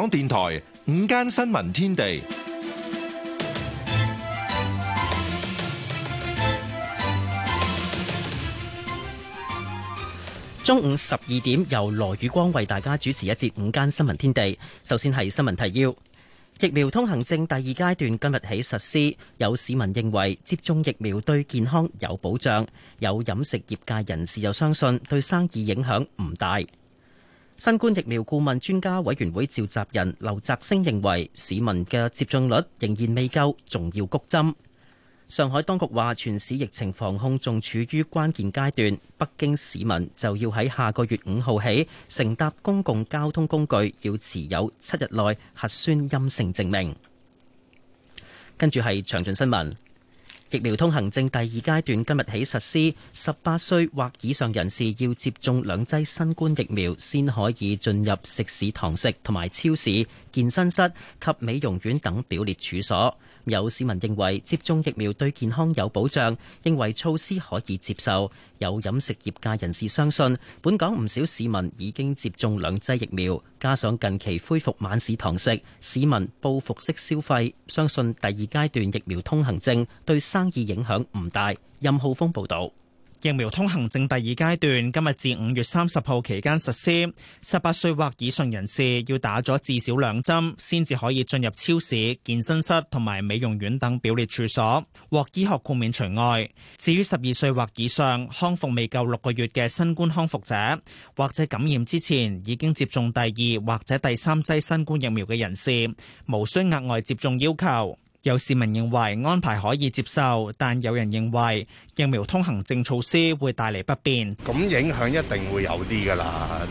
港電台午間新聞天地，中午十二點由羅宇光為大家主持一節午間新聞天地。首先係新聞提要：疫苗通行證第二階段今日起實施，有市民認為接種疫苗對健康有保障，有飲食業界人士又相信對生意影響唔大。新冠疫苗顧問專家委員會召集人劉澤星認為，市民嘅接種率仍然未夠，仲要谷針。上海當局話，全市疫情防控仲處於關鍵階段。北京市民就要喺下個月五號起，乘搭公共交通工具要持有七日內核酸陰性證明。跟住係詳盡新聞。疫苗通行證第二階段今日起實施，十八歲或以上人士要接種兩劑新冠疫苗先可以進入食肆堂食同埋超市、健身室及美容院等表列處所。有市民認為接種疫苗對健康有保障，認為措施可以接受。有飲食業界人士相信，本港唔少市民已經接種兩劑疫苗，加上近期恢復晚市堂食，市民報復式消費，相信第二階段疫苗通行證對生意影響唔大。任浩峰報導。疫苗通行證第二階段今日至五月三十號期間實施，十八歲或以上人士要打咗至少兩針先至可以進入超市、健身室同埋美容院等表列處所，獲醫學豁免除外。至於十二歲或以上康復未夠六個月嘅新冠康復者，或者感染之前已經接種第二或者第三劑新冠疫苗嘅人士，無需額外接種要求。有市民認為安排可以接受，但有人認為疫苗通行證措施會帶來不便。咁影響一定會有啲㗎喇，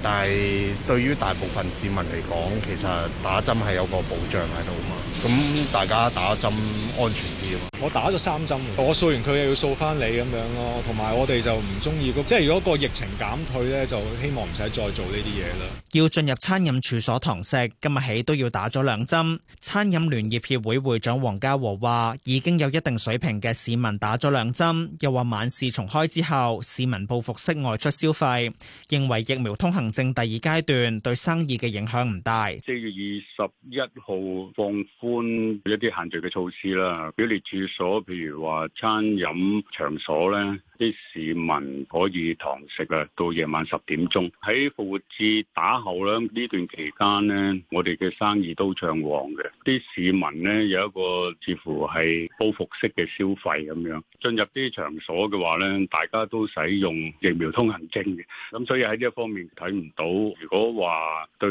但係對於大部分市民嚟講，其實打針係有個保障喺度嘛。咁大家打針安全。我打咗三針，我掃完佢又要掃翻你咁樣咯，同埋我哋就唔中意嗰，即係如果個疫情減退咧，就希望唔使再做呢啲嘢啦。要進入餐飲處所堂食，今日起都要打咗兩針。餐飲聯業協會會長黃家和話：已經有一定水平嘅市民打咗兩針。又話晚市重開之後，市民報復式外出消費，認為疫苗通行證第二階段對生意嘅影響唔大。四月二十一號放寬一啲限聚嘅措施啦，住所，譬如話餐飲場所咧。啲市民可以堂食啊，到夜晚十點鐘喺復活節打後咧，呢段期間咧，我哋嘅生意都暢旺嘅。啲市民咧有一個似乎係報復式嘅消費，咁樣進入啲場所嘅話咧，大家都使用疫苗通行證嘅，咁所以喺呢一方面睇唔到，如果話對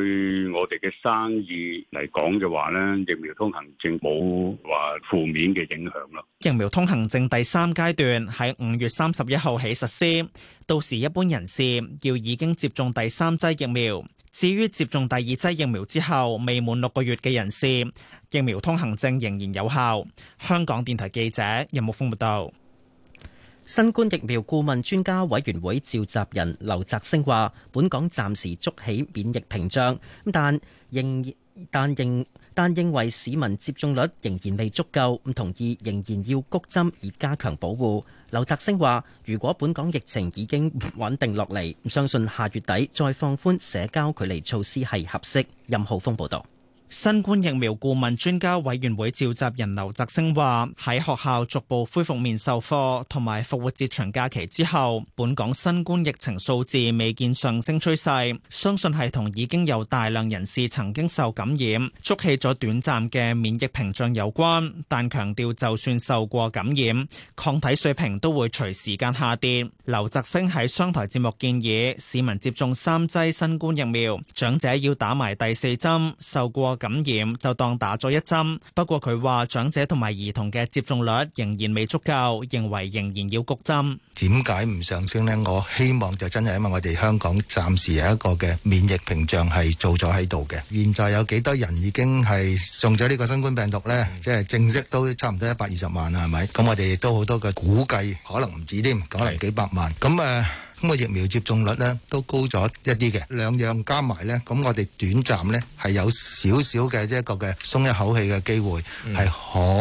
我哋嘅生意嚟講嘅話咧，疫苗通行證冇話負面嘅影響咯。疫苗通行證第三階段喺五月三。十一號起實施，到時一般人士要已經接種第三劑疫苗。至於接種第二劑疫苗之後未滿六個月嘅人士，疫苗通行證仍然有效。香港電台記者任木峰報道。新冠疫苗顧問專家委員會召集人劉澤星話，本港暫時築起免疫屏障，但認但認但，但認為市民接種率仍然未足夠，唔同意仍然要谷針以加強保護。劉澤星話：如果本港疫情已經穩定落嚟，相信下月底再放寬社交距離措施係合適。任浩峰報道。新冠疫苗顧問專家委員會召集人劉澤星話：喺學校逐步恢復面授課同埋復活節長假期之後，本港新冠疫情數字未見上升趨勢，相信係同已經有大量人士曾經受感染，築起咗短暫嘅免疫屏障有關。但強調，就算受過感染，抗體水平都會隨時間下跌。劉澤星喺商台節目建議市民接種三劑新冠疫苗，長者要打埋第四針，受過，感染就當打咗一針，不過佢話長者同埋兒童嘅接種率仍然未足夠，認為仍然要谷針。點解唔上升呢？我希望就真係，因為我哋香港暫時有一個嘅免疫屏障係做咗喺度嘅。現在有幾多人已經係中咗呢個新冠病毒呢？即係、嗯、正式都差唔多一百二十萬啦，係咪？咁、嗯、我哋亦都好多嘅估計，可能唔止添，可能幾百萬。咁誒是。咁個疫苗接種率呢都高咗一啲嘅，兩樣加埋呢，咁我哋短暫呢，係有少少嘅一個嘅鬆一口氣嘅機會，係、嗯、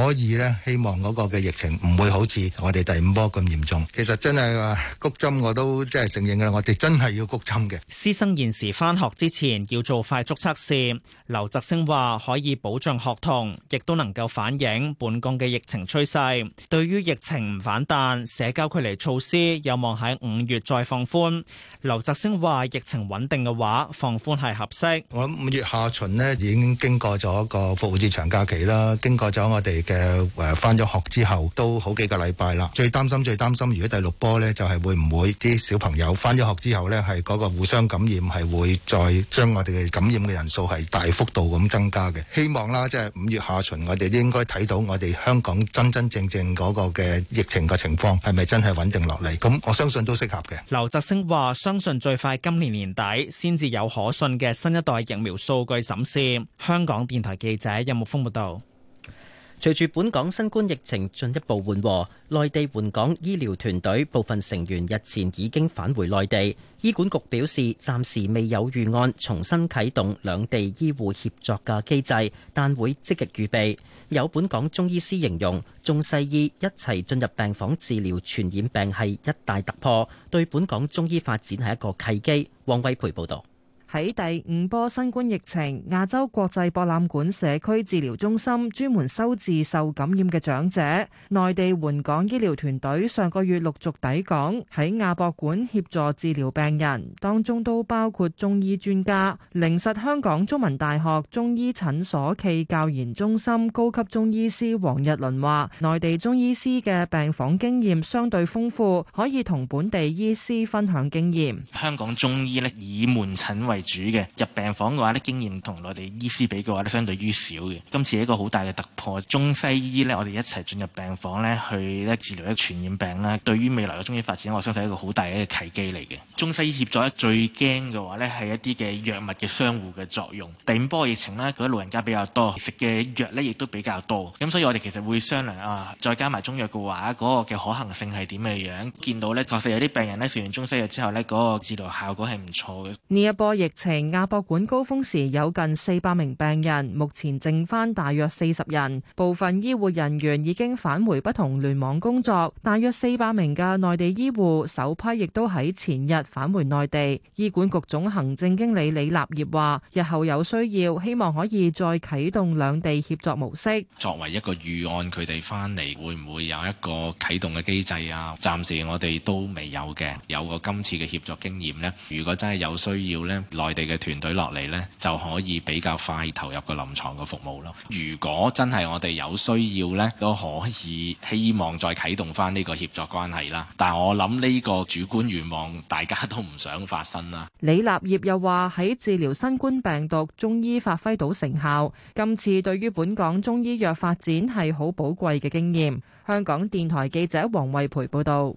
可以呢。希望嗰個嘅疫情唔會好似我哋第五波咁嚴重。其實真係話谷針我都真係承認啦，我哋真係要谷針嘅。師生現時翻學之前要做快速測試。劉澤星話可以保障學童，亦都能夠反映本港嘅疫情趨勢。對於疫情唔反彈，社交距離措施有望喺五月再。放寬，劉澤星話：疫情穩定嘅話，放寬係合適。我諗五月下旬咧已經經過咗個復活節長假期啦，經過咗我哋嘅誒翻咗學之後，都好幾個禮拜啦。最擔心最擔心，如果第六波咧，就係會唔會啲小朋友翻咗學之後咧，係嗰個互相感染，係會再將我哋嘅感染嘅人數係大幅度咁增加嘅。希望啦，即係五月下旬，我哋應該睇到我哋香港真真正正嗰個嘅疫情嘅情況係咪真係穩定落嚟？咁我相信都適合嘅。劉澤星話：相信最快今年年底先至有可信嘅新一代疫苗數據審視。香港電台記者任木峰報道。隨住本港新冠疫情進一步緩和，內地援港醫療團隊部分成員日前已經返回內地。醫管局表示，暫時未有預案重新啟動兩地醫護協作嘅機制，但會積極預備。有本港中醫師形容，中西醫一齊進入病房治療傳染病係一大突破，對本港中醫發展係一個契機。王威培報導。喺第五波新冠疫情，亞洲國際博覽館社區治療中心專門收治受感染嘅長者。內地援港醫療團隊上個月陸續抵港，喺亞博館協助治療病人，當中都包括中醫專家。靈實香港中文大學中醫診所暨教研中心高級中醫師黃日倫話，內地中醫師嘅病房經驗相對豐富，可以同本地醫師分享經驗。香港中醫咧以門診為。主嘅入病房嘅話咧，經驗同內地醫師比嘅話咧，相對於少嘅。今次一個好大嘅突破，中西醫咧，我哋一齊進入病房咧，去咧治療一個傳染病咧，對於未來嘅中醫發展，我相信係一個好大嘅契機嚟嘅。中西醫協作咧，最驚嘅話咧，係一啲嘅藥物嘅相互嘅作用。第五波疫情咧，嗰啲老人家比較多，食嘅藥咧亦都比較多，咁所以我哋其實會商量啊，再加埋中藥嘅話，嗰個嘅可行性係點嘅樣？見到咧，確實有啲病人咧，食完中西藥之後咧，嗰個治療效果係唔錯嘅。呢一波疫情亞博館高峰時有近四百名病人，目前剩翻大約四十人。部分醫護人員已經返回不同聯網工作，大約四百名嘅內地醫護首批亦都喺前日返回內地。醫管局總行政經理李立業話，日後有需要，希望可以再啟動兩地協作模式。作為一個預案，佢哋翻嚟會唔會有一個啟動嘅機制啊？暫時我哋都未有嘅，有個今次嘅協作經驗咧。如果真係有需要咧。內地嘅團隊落嚟呢，就可以比較快投入個臨床嘅服務咯。如果真係我哋有需要呢，都可以希望再啟動翻呢個協作關係啦。但我諗呢個主觀願望，大家都唔想發生啦。李立業又話：喺治療新冠病毒，中醫發揮到成效。今次對於本港中醫藥發展係好寶貴嘅經驗。香港電台記者黃惠培報道。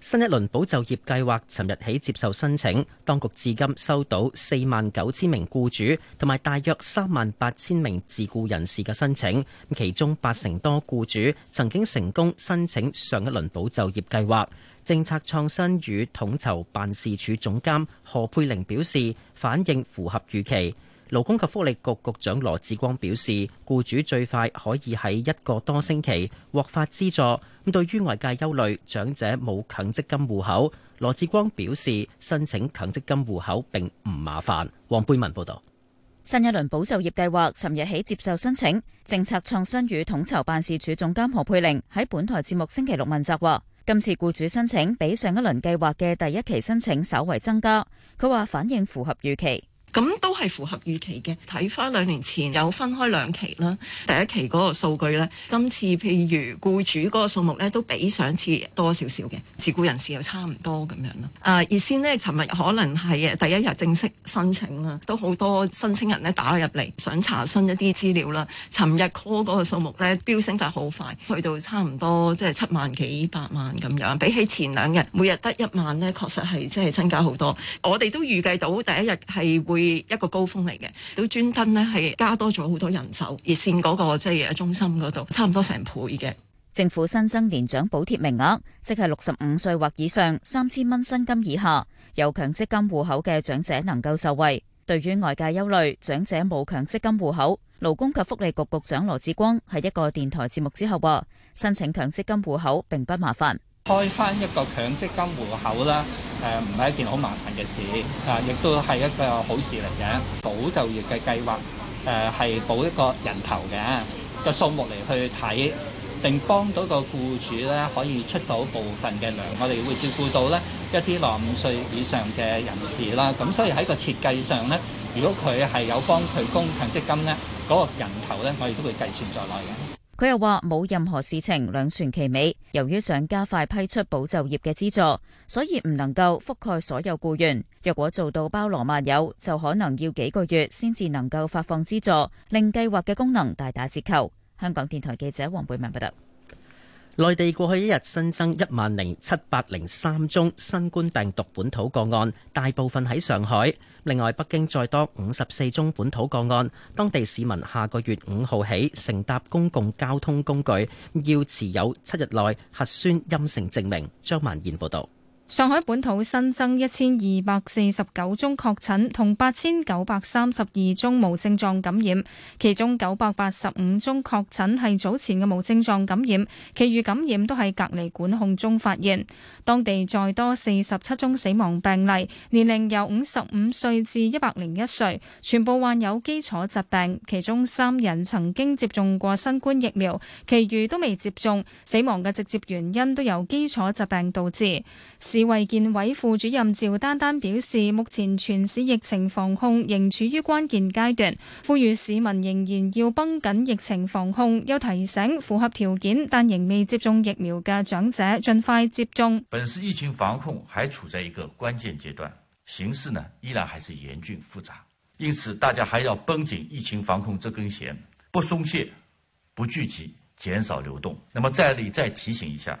新一輪保就業計劃尋日起接受申請，當局至今收到四萬九千名僱主同埋大約三萬八千名自僱人士嘅申請，其中八成多僱主曾經成功申請上一輪保就業計劃。政策創新與統籌辦事處總監何佩玲表示，反應符合預期。勞工及福利局局長羅志光表示，僱主最快可以喺一個多星期獲發資助。咁對於外界憂慮長者冇強積金戶口，羅志光表示申請強積金戶口並唔麻煩。黃貝文報道。新一輪保就業計劃尋日起接受申請，政策創新與統籌辦事處總監何佩玲喺本台節目星期六問責話，今次僱主申請比上一輪計劃嘅第一期申請稍為增加，佢話反應符合預期。咁都係符合預期嘅。睇翻兩年前有分開兩期啦，第一期嗰個數據咧，今次譬如僱主嗰個數目呢，都比上次多少少嘅，自僱人士又差唔多咁樣咯。啊、呃，而先呢，尋日可能係第一日正式申請啦，都好多申請人呢打入嚟想查詢一啲資料啦。尋日 call 嗰個數目呢，飆升得好快，去到差唔多即係七萬幾八萬咁樣，比起前兩日每日得一萬呢，確實係即係增加好多。我哋都預計到第一日係會，一個高峰嚟嘅，都專登呢，係加多咗好多人手，而線嗰個即係中心嗰度，差唔多成倍嘅。政府新增年長補貼名額，即係六十五歲或以上三千蚊薪金以下有強積金戶口嘅長者能夠受惠。對於外界憂慮長者冇強積金戶口，勞工及福利局局長羅致光喺一個電台節目之後話，申請強積金戶口並不麻煩。開翻一個強積金戶口啦，誒、呃，唔係一件好麻煩嘅事啊，亦都係一個好事嚟嘅。保就業嘅計劃，誒、呃，係保一個人頭嘅個數目嚟去睇，並幫到個僱主咧，可以出到部分嘅糧，我哋會照顧到咧一啲六五歲以上嘅人士啦。咁、啊、所以喺個設計上咧，如果佢係有幫佢供強積金咧，嗰、那個人頭咧，我哋都會計算在內嘅。佢又話冇任何事情兩全其美，由於想加快批出保就業嘅資助，所以唔能夠覆蓋所有僱員。若果做到包羅萬有，就可能要幾個月先至能夠發放資助，令計劃嘅功能大打折扣。香港電台記者黃貝文報道。內地過去一日新增一萬零七百零三宗新冠病毒本土個案，大部分喺上海。另外，北京再多五十四宗本土個案，當地市民下個月五號起乘搭公共交通工具，要持有七日內核酸陰性證，證明。張曼燕報道。上海本土新增一千二百四十九宗確診，同八千九百三十二宗無症狀感染，其中九百八十五宗確診係早前嘅無症狀感染，其餘感染都係隔離管控中發現。當地再多四十七宗死亡病例，年齡由五十五歲至一百零一歲，全部患有基礎疾病，其中三人曾經接種過新冠疫苗，其餘都未接種，死亡嘅直接原因都由基礎疾病導致。市衛健委副主任趙丹丹表示，目前全市疫情防控仍處於關鍵階段，呼籲市民仍然要繃緊疫情防控。又提醒符合條件但仍未接種疫苗嘅長者，盡快接種。本市疫情防控還處在一個關鍵階段，形勢呢依然還是嚴峻複雜，因此大家還要繃緊疫情防控這根弦，不鬆懈，不聚集，減少流動。那麼再來再提醒一下。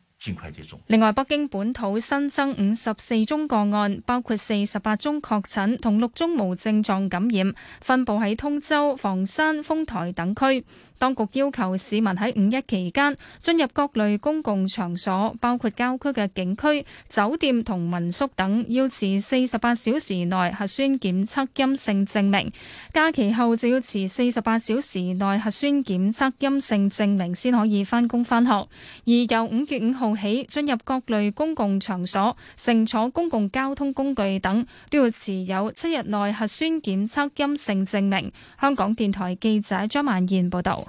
另外，北京本土新增五十四宗個案，包括四十八宗確診同六宗無症狀感染，分布喺通州、房山、豐台等區。當局要求市民喺五一期間進入各類公共場所，包括郊區嘅景區、酒店同民宿等，要持四十八小時內核酸檢測陰性證明。假期後就要持四十八小時內核酸檢測陰性證明先可以返工返學。而由五月五號起進入各類公共場所、乘坐公共交通工具等，都要持有七日內核酸檢測陰性證明。香港電台記者張曼燕報導。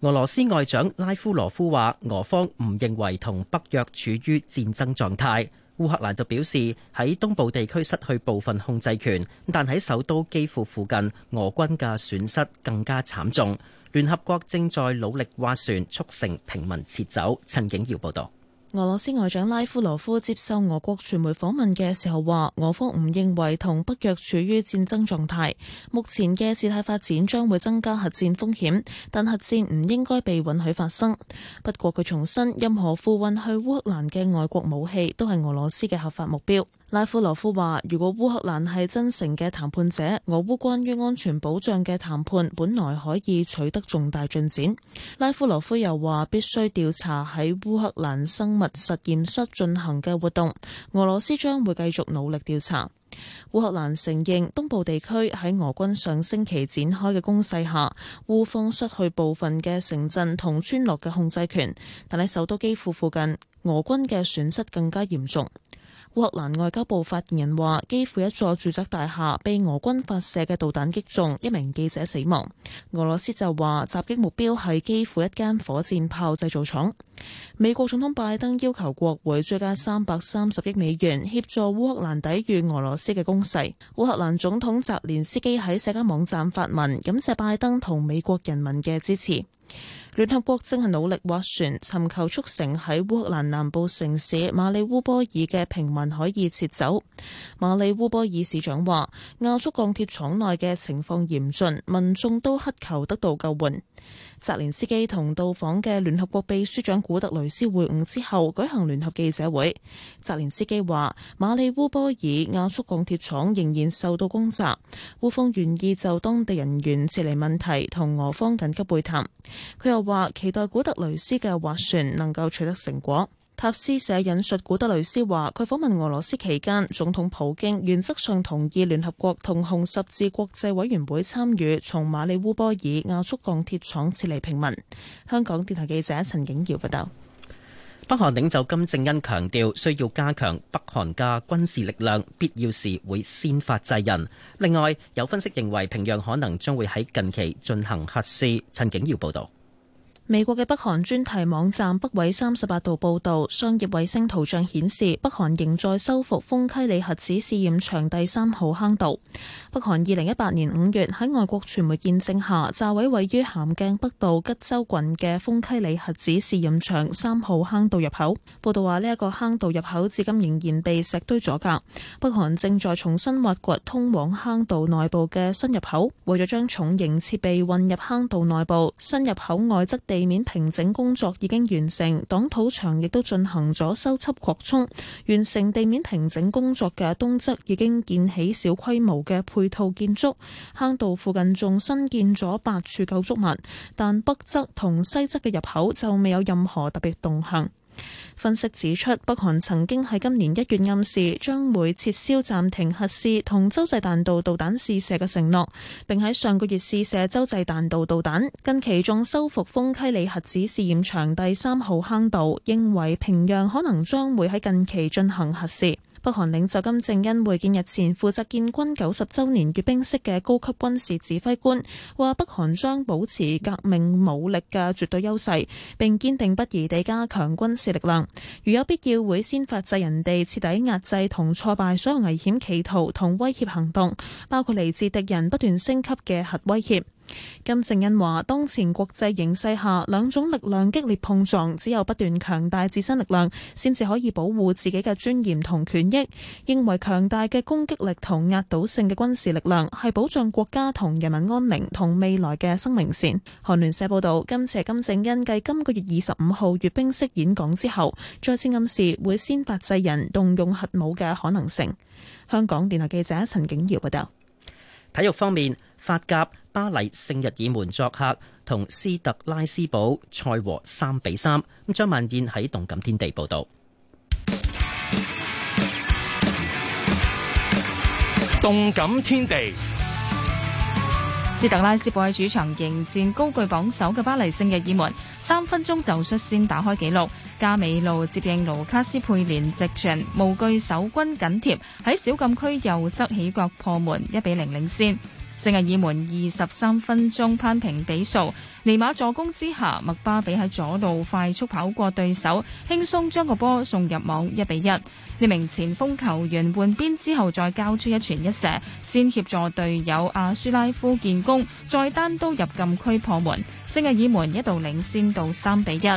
俄羅斯外長拉夫羅夫話：俄方唔認為同北約處於戰爭狀態。烏克蘭就表示喺東部地區失去部分控制權，但喺首都基輔附近，俄軍嘅損失更加慘重。聯合國正在努力斡旋促成平民撤走。陳景耀報道，俄羅斯外長拉夫羅夫接受俄國傳媒訪問嘅時候話：俄方唔認為同北約處於戰爭狀態，目前嘅事態發展將會增加核戰風險，但核戰唔應該被允許發生。不過佢重申，任何附運去烏克蘭嘅外國武器都係俄羅斯嘅合法目標。拉夫羅夫話：如果烏克蘭係真誠嘅談判者，俄烏關於安全保障嘅談判本來可以取得重大進展。拉夫羅夫又話：必須調查喺烏克蘭生物實驗室進行嘅活動。俄羅斯將會繼續努力調查。烏克蘭承認東部地區喺俄軍上星期展開嘅攻勢下，烏方失去部分嘅城鎮同村落嘅控制權，但喺首都基輔附近，俄軍嘅損失更加嚴重。烏克蘭外交部發言人話，基輔一座住宅大廈被俄軍發射嘅導彈擊中，一名記者死亡。俄羅斯就話，襲擊目標係基輔一間火箭炮製造廠。美國總統拜登要求國會追加三百三十億美元協助烏克蘭抵禦俄羅斯嘅攻勢。烏克蘭總統澤連斯基喺社交網站發文感謝拜登同美國人民嘅支持。聯合國正係努力斡旋，尋求促成喺烏克蘭南部城市馬里烏波爾嘅平民可以撤走。馬里烏波爾市長話：亞速鋼鐵廠內嘅情況嚴峻，民眾都乞求得到救援。澤連斯基同到訪嘅聯合國秘書長古特雷斯會晤之後，舉行聯合記者會。澤連斯基話：馬里烏波爾亞速鋼鐵廠仍然受到攻襲，烏方願意就當地人員撤離問題同俄方緊急會談。佢又話：期待古特雷斯嘅斡旋能夠取得成果。塔斯社引述古德雷斯話，佢訪問俄羅斯期間，總統普京原則上同意聯合國同紅十字國際委員會參與從馬里烏波爾亞速鋼鐵廠撤離平民。香港電台記者陳景耀報道。北韓領袖金正恩強調，需要加強北韓嘅軍事力量，必要時會先發制人。另外，有分析認為，平壤可能將會喺近期進行核試。陳景耀報道。美國嘅北韓專題網站北緯三十八度報導，商業衛星圖像顯示北韓仍在修復豐溪里核子試驗場第三號坑道。北韓二零一八年五月喺外國傳媒見證下炸毀位，位於咸鏡北道吉州郡嘅豐溪里核子試驗場三號坑道入口。報導話呢一個坑道入口至今仍然被石堆阻隔，北韓正在重新挖掘通往坑道內部嘅新入口，為咗將重型設備運入坑道內部。新入口外側地地面平整工作已經完成，擋土牆亦都進行咗修葺擴充。完成地面平整工作嘅東側已經建起小規模嘅配套建築，坑道附近仲新建咗八處構築物，但北側同西側嘅入口就未有任何特別動向。分析指出，北韓曾經喺今年一月暗示將會撤銷暫停核試同洲際彈道導彈試射嘅承諾，並喺上個月試射洲際彈道導彈，近期仲修復豐溪里核子試驗場第三號坑道，認為平壤可能將會喺近期進行核試。北韓領袖金正恩會見日前負責建軍九十週年閱兵式嘅高級軍事指揮官，話北韓將保持革命武力嘅絕對優勢，並堅定不移地加強軍事力量。如有必要，會先發制人地徹底壓制同挫敗所有危險企圖同威脅行動，包括嚟自敵人不斷升級嘅核威脅。金正恩話，當前國際形勢下，兩種力量激烈碰撞，只有不斷強大自身力量，先至可以保護自己嘅尊嚴同權益。認為強大嘅攻擊力同壓倒性嘅軍事力量係保障國家同人民安寧同未來嘅生命線。韓聯社報道，今次係金正恩繼今個月二十五號閱兵式演講之後，再次暗示會先發制人動用核武嘅可能性。香港電台記者陳景堯報道。體育方面，法甲。巴黎聖日耳門作客同斯特拉斯堡賽和三比三。咁張曼燕喺動感天地報道。動感天地，斯特拉斯堡喺主場迎戰高居榜首嘅巴黎聖日耳門，三分鐘就率先打開紀錄，加美路接應盧卡斯佩連直傳，無懼守軍緊貼，喺小禁區右側起腳破門，一比零領先。聖日耳門二十三分鐘攀平比數，尼馬助攻之下，麥巴比喺左路快速跑過對手，輕鬆將個波送入網，一比一。呢名前鋒球員換邊之後，再交出一傳一射，先協助隊友阿舒拉夫建功，再單刀入禁區破門，聖日耳門一度領先到三比一。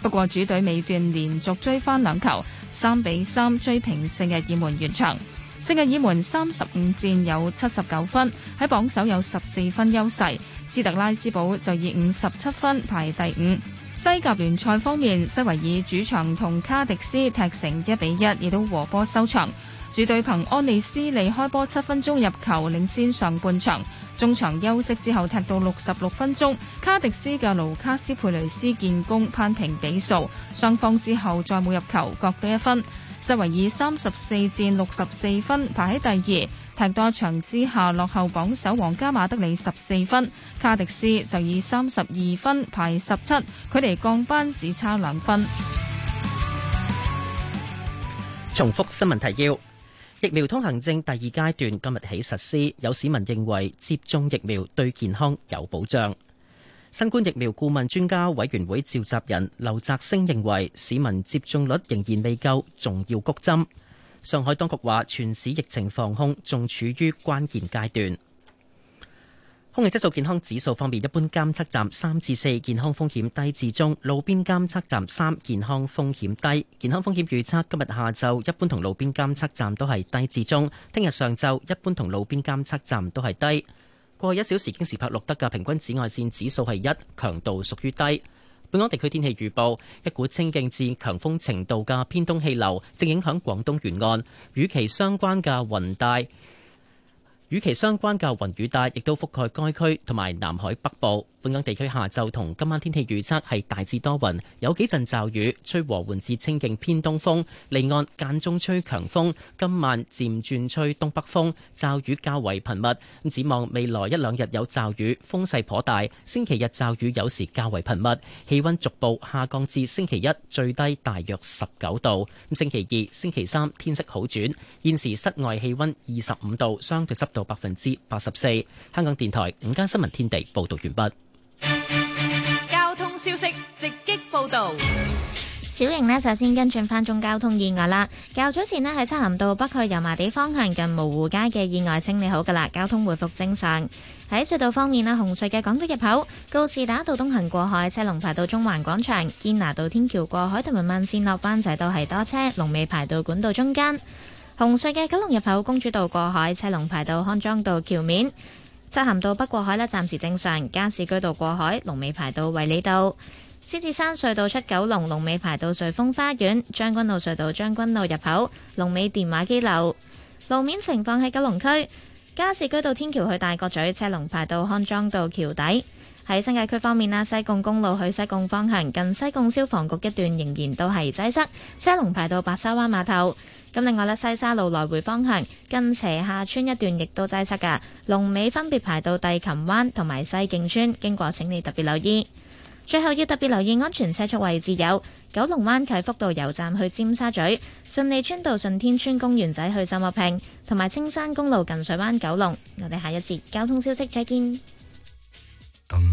不過主隊尾段連續追翻兩球，三比三追平聖日耳門完場。聖日耳門三十五戰有七十九分，喺榜首有十四分優勢。斯特拉斯堡就以五十七分排第五。西甲聯賽方面，西維爾主場同卡迪斯踢成一比一，亦都和波收場。主隊憑安利斯利開波七分鐘入球領先上半場，中場休息之後踢到六十六分鐘，卡迪斯嘅盧卡斯佩雷斯建功扳平比數，雙方之後再冇入球，各得一分。塞維以三十四戰六十四分排喺第二，踢多場之下落後榜首皇家馬德里十四分。卡迪斯就以三十二分排十七，距離降班只差兩分。重複新聞提要：疫苗通行證第二階段今日起實施，有市民認為接種疫苗對健康有保障。新冠疫苗顧問專家委員會召集人劉澤星認為，市民接種率仍然未夠，仲要谷針。上海當局話，全市疫情防控仲處於關鍵階段。空氣質素健康指數方面，一般監測站三至四，健康風險低至中；路邊監測站三，健康風險低。健康風險預測今日下晝一般同路邊監測站都係低至中，聽日上晝一般同路邊監測站都係低。過去一小時京士柏錄得嘅平均紫外線指數係一，強度屬於低。本港地區天氣預報，一股清勁至強風程度嘅偏東氣流正影響廣東沿岸，與其相關嘅雲帶。與其相關嘅雲雨帶亦都覆蓋該區同埋南海北部。本港地區下晝同今晚天氣預測係大致多雲，有幾陣驟雨，吹和緩至清勁偏東風，離岸間中吹強風。今晚漸轉吹東北風，驟雨較為頻密。咁展望未來一兩日有驟雨，風勢頗大。星期日驟雨有時較為頻密，氣温逐步下降至星期一最低大約十九度。咁星期二、星期三天色好轉。現時室外氣温二十五度，相對濕度。百分之八十四。香港電台午間新聞天地報道完畢。交通消息直擊報道。小瑩呢就先跟進翻宗交通意外啦。較早前呢，喺漆咸道北去油麻地方向近蕪湖街嘅意外清理好噶啦，交通回復正常。喺隧道方面呢，紅隧嘅港島入口告士打道東行過海，車龍排到中環廣場堅拿道天橋過海同埋慢線落灣仔都係多車，龍尾排到管道中間。紅隧嘅九龍入口，公主道過海車龍排到康莊道橋面；漆咸道北過海咧暫時正常。加士居道過海龍尾排到維里道。獅子山隧道出九龍龍尾排到瑞峰花園，將軍澳隧道將軍澳入口龍尾電話機樓路面情況。喺九龍區加士居道天橋去大角咀車龍排到康莊道橋底。喺新界區方面啦，西貢公路去西貢方向，近西貢消防局一段仍然都係擠塞，車龍排到白沙灣碼頭。咁另外呢，西沙路來回方向，近斜下村一段亦都擠塞㗎，龍尾分別排到帝琴灣同埋西徑村。經過請你特別留意。最後要特別留意安全車速位置有：九龍灣啟福道油站去尖沙咀、順利邨道順天村公園仔去浸沐坪，同埋青山公路近水灣九龍。我哋下一節交通消息再見。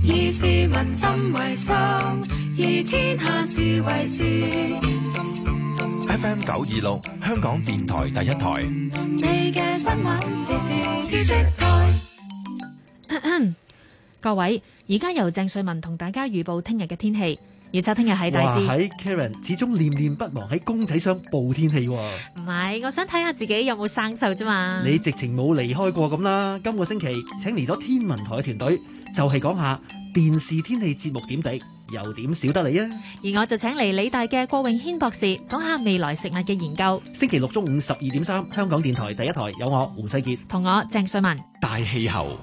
以市民心為心，以天下事為事。FM 九二六，香港電台第一台。你嘅新聞時事知識台。各位，而家由鄭瑞文同大家預報聽日嘅天氣，預測聽日喺大。哇，喺 Karen 始終念念不忘喺公仔箱報天氣。唔係，我想睇下自己有冇生鏽啫嘛。你直情冇離開過咁啦。今個星期，請嚟咗天文台團隊。就係講下電視天氣節目點地，又點少得你啊！而我就請嚟理大嘅郭永謙博士講下未來食物嘅研究。星期六中午十二點三，香港電台第一台有我胡世傑同我鄭瑞文。大氣候。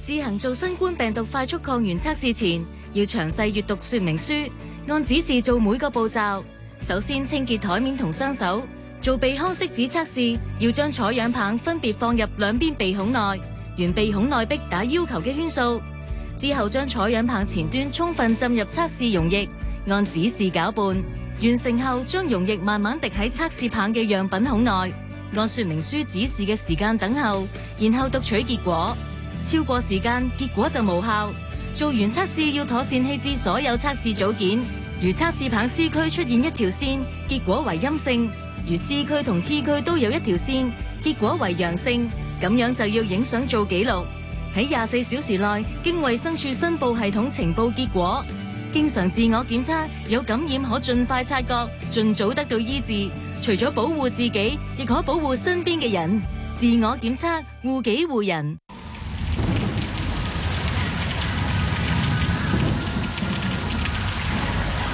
自行做新冠病毒快速抗原測試前，要詳細閱讀說明書，按指示做每個步驟。首先清潔台面同雙手。做鼻腔拭子測試，要將採樣棒分別放入兩邊鼻孔內。沿鼻孔內壁打要求嘅圈數，之後將採樣棒前端充分浸入測試溶液，按指示攪拌。完成後，將溶液慢慢滴喺測試棒嘅樣品孔內，按說明書指示嘅時間等候，然後讀取結果。超過時間，結果就無效。做完測試要妥善棄置所有測試組件。如測試棒 C 區出現一條線，結果為陰性；如 C 區同 T 區都有一條線，結果為陽性。咁樣就要影相做記錄，喺廿四小時內經衛生署申報系統呈報結果。經常自我檢測，有感染可儘快察覺，盡早得到醫治。除咗保護自己，亦可保護身邊嘅人。自我檢測，護己護人。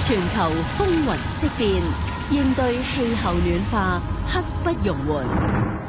全球風雲色變，應對氣候暖化刻不容緩。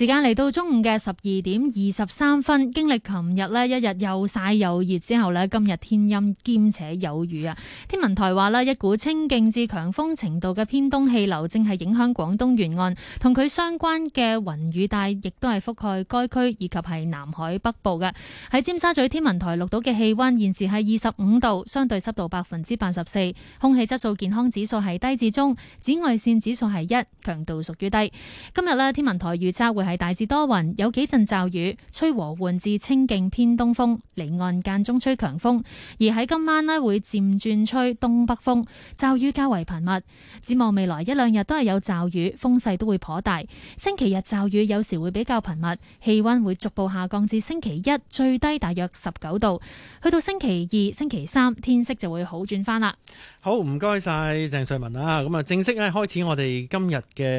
時間嚟到中午嘅十二點二十三分，經歷琴日呢一日又晒又熱之後呢，今日天陰兼且有雨啊！天文台話啦，一股清勁至強風程度嘅偏東氣流正係影響廣東沿岸，同佢相關嘅雲雨帶亦都係覆蓋該區以及係南海北部嘅。喺尖沙咀天文台錄到嘅氣溫現時係二十五度，相對濕度百分之八十四，空氣質素健康指數係低至中，紫外線指數係一，強度屬於低。今日呢，天文台預測會係。係大致多雲，有幾陣驟雨，吹和緩至清勁偏東風，離岸間中吹強風。而喺今晚呢會漸轉吹東北風，驟雨較為頻密。展望未來一兩日都係有驟雨，風勢都會頗大。星期日驟雨有時會比較頻密，氣溫會逐步下降至星期一最低大約十九度，去到星期二、星期三天色就會好轉翻啦。好，唔該晒鄭瑞文啊，咁啊，正式咧開始我哋今日嘅。